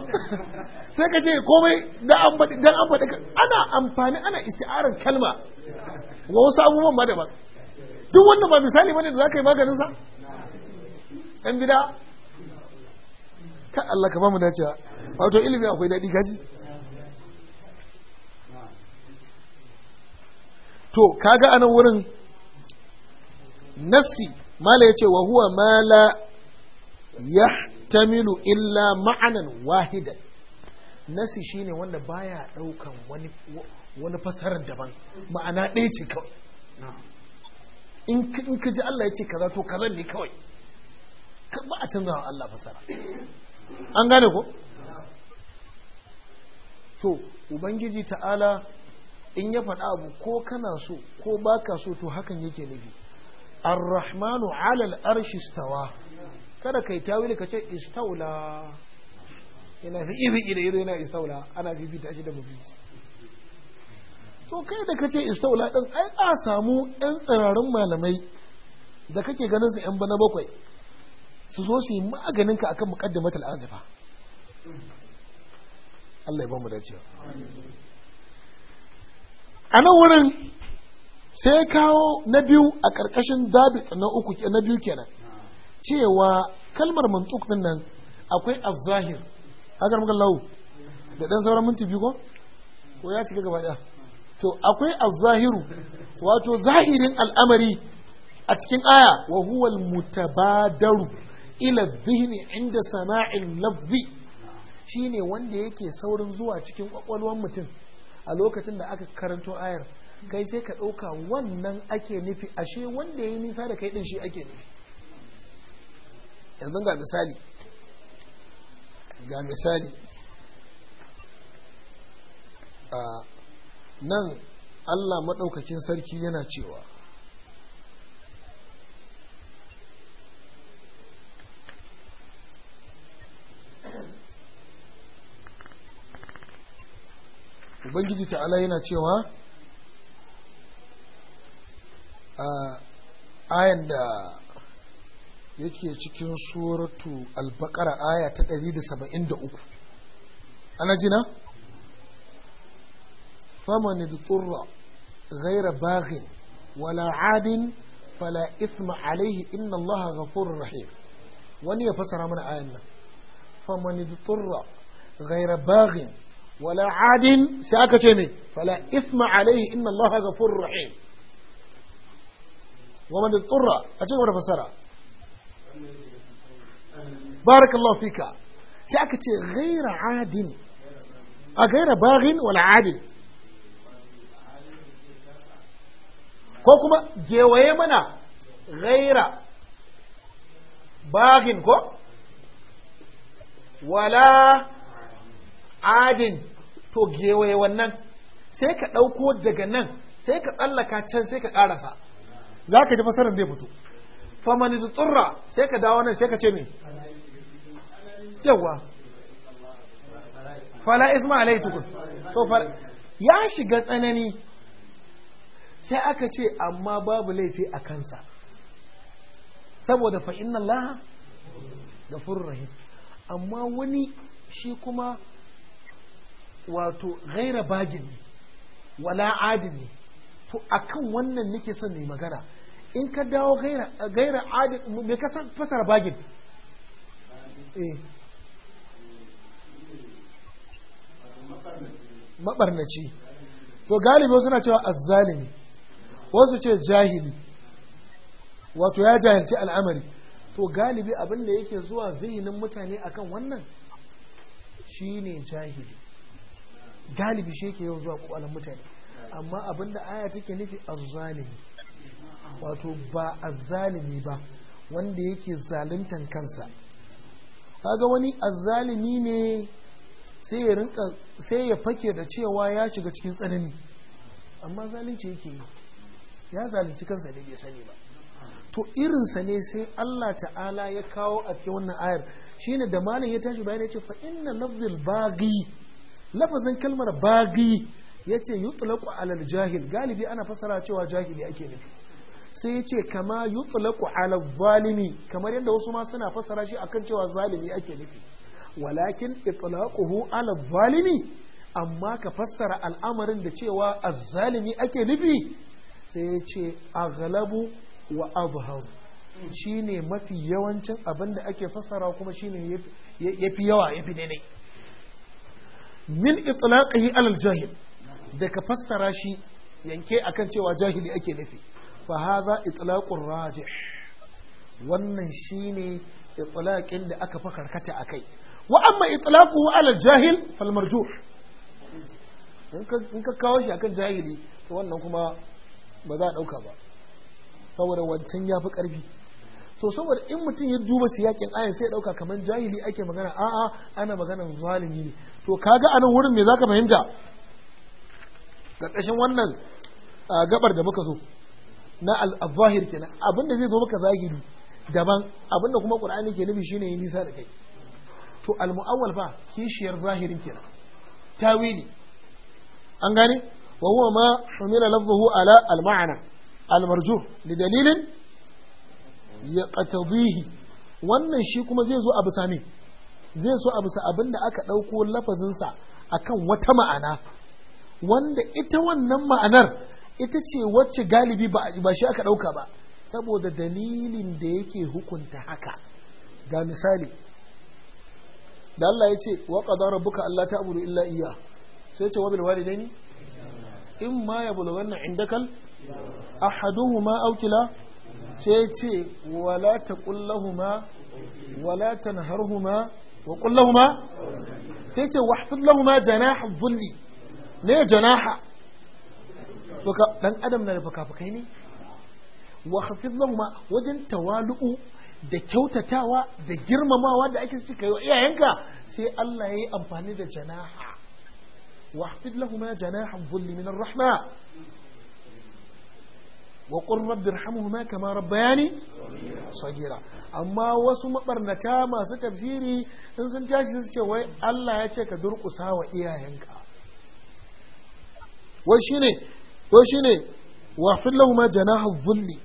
sai ka ce komai dan an faɗi ana amfani ana isti'arar kalma wa wasu abubuwan da ba duk wanda ba misali bane da zaka yi maganin sa dan bida ka Allah ka ba mu dacewa wato ilimi akwai daɗi gaji to ka kaga anan wurin nassi mala ya wa huwa mala yahtamilu illa ma'anan wahidan nasi shine wanda baya daukan wani wani fasarar daban ma'ana ɗaya ce kawai in ka ji Allah ya ce kaza to kaza ne kawai ba a canza wa Allah fasara an gane ko to ubangiji ta'ala in ya faɗa abu ko kana so ko baka so to hakan yake nufi ar-rahmanu 'ala al-arshi istawa kada kai tawili ka ce istaula yana fi ibi iri iri yana istaula ana fifita shi da mafici to kai da kace istaula din ai a samu yan tsararin malamai da kake ganin su yan bana bakwai su zo su yi maganin ka akan muqaddimatul azifa Allah ya ba mu dacewa a nan wurin sai ya kawo na biyu a ƙarƙashin dabit na uku na biyu kenan cewa kalmar mantuk nan akwai azahir hajar muka lau da ɗan sauran minti biyu ko ya cika gaba ɗaya to akwai azzahiru wato zahirin al'amari a cikin aya wa huwal mutabadaru ila zihni inda sama'in lafzi shine wanda yake saurin zuwa cikin kwakwalwar mutum a lokacin da aka karanto ayar kai sai ka ɗauka wannan ake nufi ashe wanda ya yi nisa da kai ɗin shi ake nufi yanzu ga misali ga misali a nan allah maɗaukakin sarki yana cewa ubangiji ta'ala yana cewa a ayan da yake cikin suratu albakara aya ta 173 ana jina faman turra. ghaira baghin wala adin fala ithma alaihi inna allaha ghafurur rahim wani ya fasara mana ayan nan faman turra. ghaira baghin wala adin sai aka ce me fala ithma alaihi inna allaha ghafurur rahim wa man idturra a cikin fasara barakallahu fika sai aka ce ghaira adin gaira baghin wala ko kuma gewaye mana gaira baghin ko wala adin to gewaye wannan sai ka ɗauko daga nan sai ka tsallaka can sai ka ƙarasa za ka ji fasarar zai fito famani tsurra sai ka dawo nan sai ka ce me yawa fala isma alai tukun ya shiga tsanani sai aka ce amma babu laifi a kansa saboda fa inna Allah gafurur rahim amma wani shi kuma wato gaira bagin wala adini ne to akan wannan nake son ne magana in ka dawo gaira adi me ka fasara bagin eh. maɓarnaci to galibi suna cewa azzalimi wasu ce jahili wato ya jahilci al'amari to galibi abin da yake zuwa zihinin mutane akan wannan shi ne jahili galibi shi yake yau zuwa kwakwalon mutane amma abin da aya take nufi azzalimi wato ba azzalimi ba wanda yake zaluntan kansa kaga wani azzalimi ne sai ya fake da cewa ya shiga cikin tsanani amma zalunci yake yi ya zalunci kansa da bai sani ba to irinsa ne sai Allah ta'ala ya kawo a cikin wannan ayar shine da malam ya tashi bayan ya ce fa inna lafzil baghi lafazin kalmar baghi yace yutlaqu alal jahil galibi ana fasara cewa jahili ake nufi sai ya ce kama yutsulaku ala zalimi kamar yadda wasu ma suna fassara shi akan cewa zalimi ake nufi walakin itlaquhu ala zalimi amma ka fassara al'amarin da cewa azzalimi ake nufi sai ya ce aghlabu wa abhar shine mafi yawancin abin da ake fassara kuma shine yafi yawa yafi daidai min itlaqihi ala jahil da ka fassara shi yanke akan cewa jahili ake nufi fa hadha itlaqur rajih wannan shine itlaqin da aka fa karkata akai wa amma itlaquhu ala jahil fal marjuh in ka kawo shi akan jahili to wannan kuma ba za a dauka ba saboda wancan ya fi karfi to saboda in mutum ya duba siyakin ayan sai ya dauka kamar jahili ake magana a'a ana magana zalimi ne to kaga anan wurin me zaka fahimta ƙarƙashin wannan gabar da muka so na al-zahir kenan abinda zai zo maka zahiri daban abinda kuma qur'ani ke nufi shine yin nisa da kai to al-mu'awwal fa kishiyar zahirin kenan tawili an gane wa huwa ma humila lafzuhu ala al-ma'na al-marjuh li dalilin yaqtadihi wannan shi kuma zai zo abu same zai so abu sa da aka ɗauko lafazinsa sa akan wata ma'ana wanda ita wannan ma'anar ita ce wacce galibi ba shi aka ɗauka ba saboda dalilin da yake hukunta haka ga misali da Allah ya ce wa qadara Allah ta ta'budu illa iya sai ce wa bil walidaini in ma ya bula yablughanna indakal ahaduhuma aw kila sai ce wala taqul lahumu wala ma. wa qul ma? sai ce wa wahfid ma janaha dhulli ne janaha to dan adam na da fukafukai ne wa hafizahuma wajen tawalu'u da kyautatawa da girmamawa da ake cika yi iyayenka sai Allah ya yi amfani da janaha wa hafid lahuma janahan zulli min rahma wa qur rabbi irhamhuma kama rabbayani sagira amma wasu mabarnata masu tafsiri in sun tashi su ce wai Allah ya ce ka durƙusa wa iyayenka wai shine to ne wa fillahu ma janaha dhulli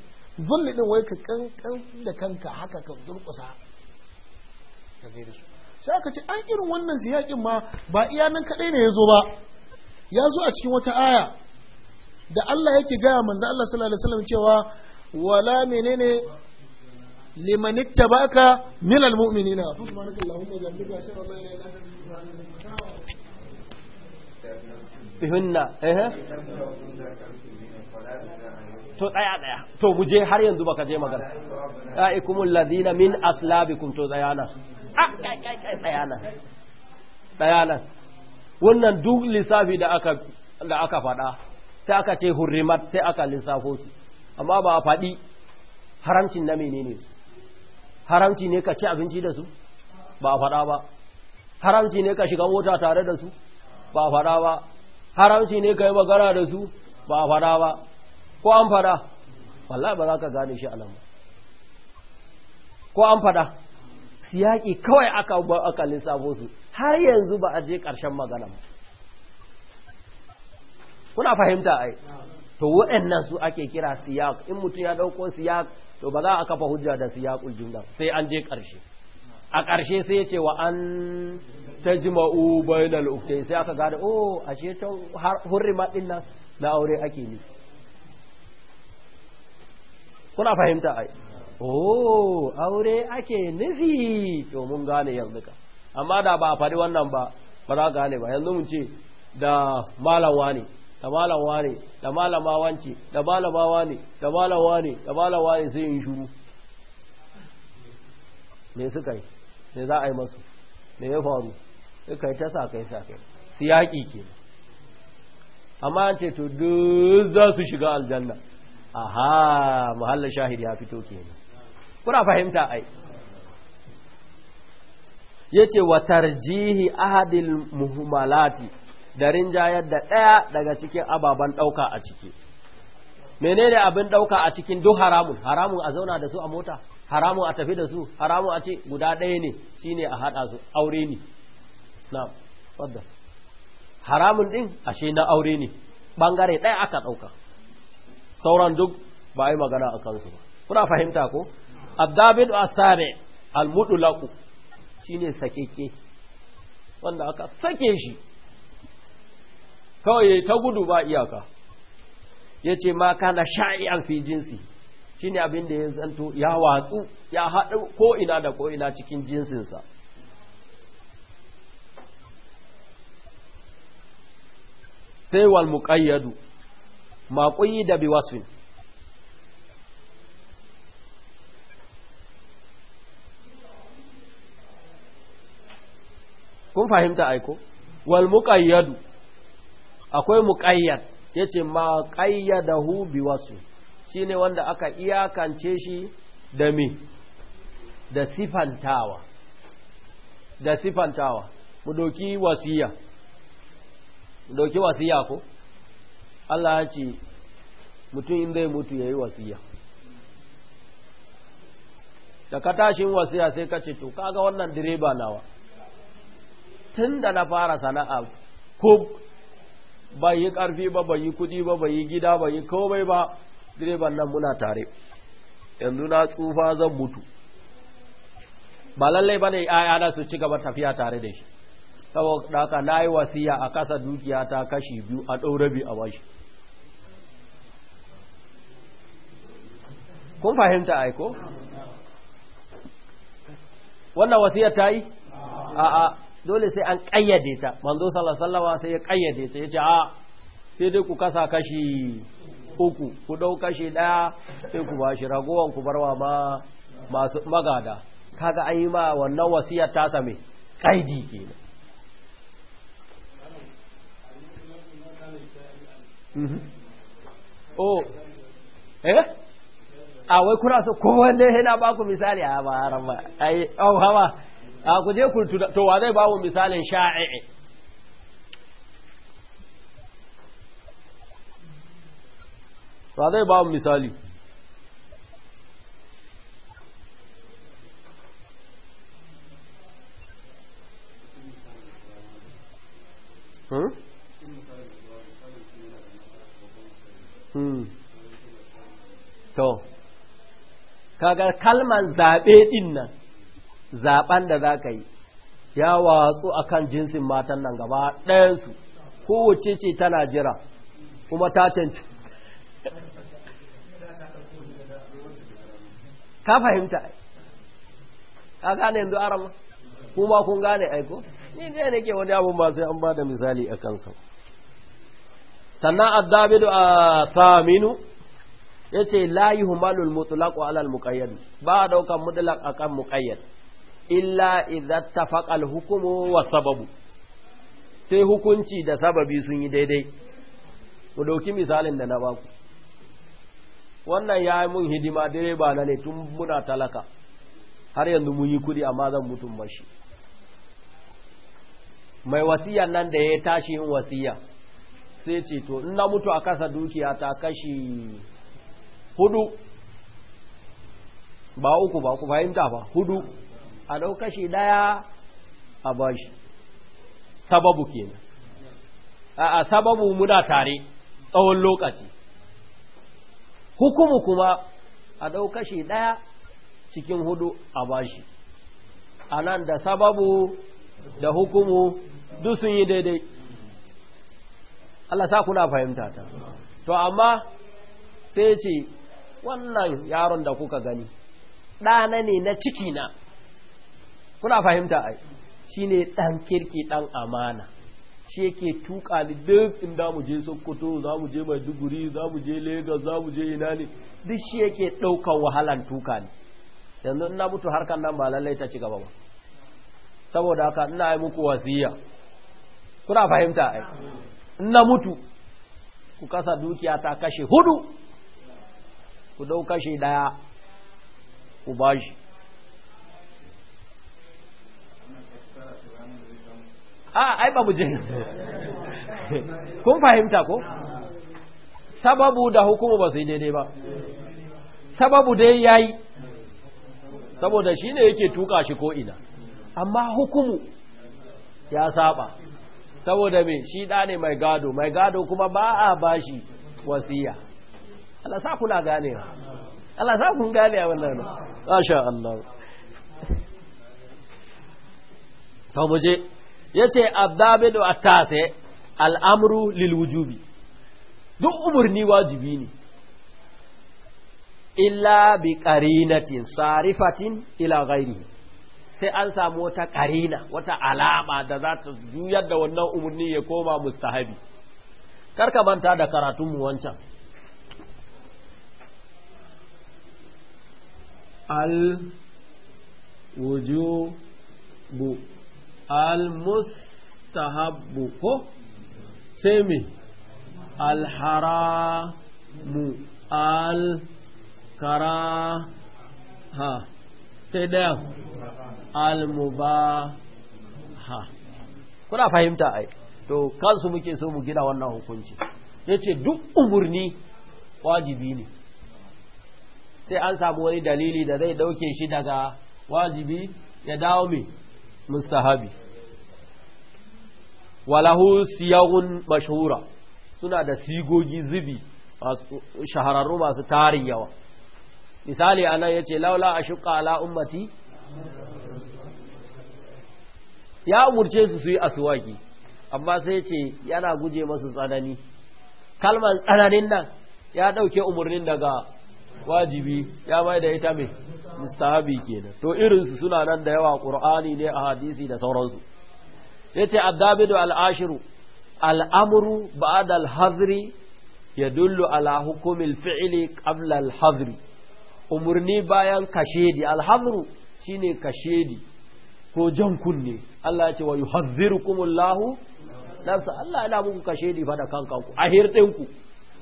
dhulli din wai ka kankan da kanka haka ka durkusa ka gaida su sai aka ce an irin wannan ziyakin ma ba iya nan kadai ne yazo ba ya zo a cikin wata aya da Allah yake gaya manzo Allah sallallahu alaihi wasallam cewa wala menene liman ittaba'aka min almu'minina wa Eh, eh to tsaya tsaya to mu je har yanzu baka je magana aikumul ladina min aslabikum to tsayana ah, kai tsayana tsayana wannan duk lissafi da aka da aka fada. sai aka ce hurrimat sai aka lissafo su amma ba a fadi haramcin na menene haramci ne ka ci abinci da su ba a fada ba haramci ne ka shiga mota tare da su ba fada ba haramci ne ka yi magana da su ba fada ba ko an fada wallahi ba za ka gane shi alamu ko an fada siyaki kawai aka aka lissafo su har yanzu ba a je ƙarshen magana ba kuna fahimta ai to waɗannan su ake kira siyak in mutum ya ɗauko siyak to ba za a kafa hujja da siyakul jumla sai an je ƙarshe a ƙarshe sai ya ce wa an ta jima'u da uktai sai aka gada oh ashe can hurri maɗin nan na aure ake ne kuna fahimta ai oh aure ake nufi to mun gane yanzu ka amma da ba a faɗi wannan ba ba za gane ba yanzu mun ce da malawa ne da malawa ne da malama wance da malamawa ne da malawa ne da malawa ne sai yin shuru me suka yi Sai za a yi masu me ya faru suka yi ta sa kai sa kai siyaki ke amma an ce to duk za su shiga aljanna aha muhallin shahid ya fito kenan kuna fahimta ai ce wa tarjihi Ahadin muhimmalati da rinjayar da ɗaya daga cikin ababen ɗauka a ciki menene abin ɗauka a cikin duk haramun haramun a zauna da su a mota haramu a tafi da su haramu a ce guda ɗaya ne shine a haɗa su aure ne na wadda haramun ɗin ashe na aure ne ɓangare ɗaya aka ɗauka sauran duk ba yi magana a kansu ba kuna fahimta ko abdabid asabe almudulaku shine sakeke wanda aka sake shi kawai ta gudu ba iyaka yace ma kana an fi jinsi Shin abin da ya zanto ya watsu ya haɗu koina da koina cikin jinsinsa sai wal muqayyadu ma da bi kun fahimta aiko wal muqayyadu akwai ya yace ma qayyadahu bi Shi ne wanda aka iyakance shi da mi da sifantawa da sifantawa mu doki wasiya mu doki wasiya ko Allah ya ce mutum in zai mutu ya yi wasiya da ka tashin wasiya sai ka ce to kaga wannan direba nawa tun da na fara sana'a ko bai yi ƙarfi ba bai yi kudi ba bai yi gida bai yi komai ba direban nan muna tare yanzu na tsufa zan mutu ba lallai bane ayana su ci gaba tafiya tare da shi saboda haka nayi wasiya a kasa dukiya ta kashi biyu a bi a bashi kun fahimta aiko wannan wasiya ta yi a'a dole sai an kayyade ta manzo sallallahu alaihi wasallam sai ya kayyade ta yace a sai dai ku kasa kashi uku ku ɗau shi ɗaya sai ku ba shi ragowar ku barwa ma masu magada kaga an yi ma wannan wasiyar ta same kaidi ne mhm. oh eh a wai kuna so kowanne yana ba ku misali a ba a ba ai au a ku je kultu to wa zai ba mu misalin sha'i'i to zai ba mu misali hmm? Hmm. To, kaga kalman zaɓe ɗin nan, zaɓen da za ka yi, ya watsu a kan jinsin matan nan gaba ɗayansu, kowace ce tana jira, kuma ta cancanci. ka fahimta ka gane yanzu arama kuma kun gane aiko ni ne nake wani abu ba sai an bada misali a kansa sannan addabidu a ya yace la yuhmalul mutlaq ala alal muqayyad ba daukan kan kan muqayyad illa idza ta al hukumu wa sababu sai hukunci da sababi sun yi daidai ku ɗauki misalin da na baku wannan ya yi mun hidima direba na ne tun muna talaka har yanzu mun yi kudi amma zan mutum bashi mai wasiyan nan da ya tashi yin wasiya sai ce to in na mutu a kasa dukiya ta kashi hudu ba uku ba ku fahimta ba hudu a dau kashi daya a bashi sababu kenan a sababu muna tare tsawon lokaci hukumu kuma a ɗau ɗaya cikin hudu a bashi a nan da sababu da hukumu duk sun yi daidai Allah sa kuna fahimta ta to amma sai ce wannan yaron da kuka gani ɗana ne na cikina kuna fahimta ai shi ne ɗan kirki ɗan amana shi yake tuka ni duk inda mu je Sokoto za mu je Maiduguri za mu je Lagos za mu je ina ne duk shi yake daukar wahalan tuka ni yanzu ina mutu harkan nan ba lallai ta ci gaba ba saboda haka ina yi muku wasiya kuna fahimta ai ina mutu ku kasa dukiya ta kashe hudu ku dau kashe daya ku bashi a ai ba mu je kun fahimta ko sababu da hukumu ba su yi daidai ba sababu dai yayi saboda shi ne yake tuka shi ko ina amma hukumu ya saba saboda me shi ɗa ne mai gado mai gado kuma ba a bashi wasiya Allah sa kula gane Allah sa kun gane a wannan masha Allah to mu yace addabidu atase al'amru lil wujubi duk umarni wajibi ne illa bi qarinatin sarifatin ila gairi sai an samu wata ƙarina wata alama da za ta juyar da wannan umurni ya koma mustahabi karka manta da mu wancan al wujubu المستحب ko sai الحرام alharamu alkara ha sai daya almubaha kuna fahimta ai to kansu muke so mu gina wannan hukunci yace duk umurni wajibi ne sai an samu wani dalili da zai dauke shi daga wajibi ya dawo mai mustahabi walahu siyagun mashhura suna da sigogi zubi shahararru masu tarin yawa misali anan yace laula ashqa ala ummati ya umurce su su yi aswaki amma sai yace yana guje masu tsanani kalman tsananin nan ya ɗauke umarnin daga wajibi ya mai da ita mai mustahabi kenan to irinsu suna nan da yawa ƙur'ani ne a hadisi da sauransu yace addabidu al'ashiru al'amru ba'da al-hazri yadullu ala hukumil fi'ili qabla al-hazri umurni bayan kashedi alhazru hazru shine kashedi ko jan kunne Allah ya ce wa yuhadhdhirukumullahu nafsa Allah yana muku kashedi fa da kankanku, a hirɗinku.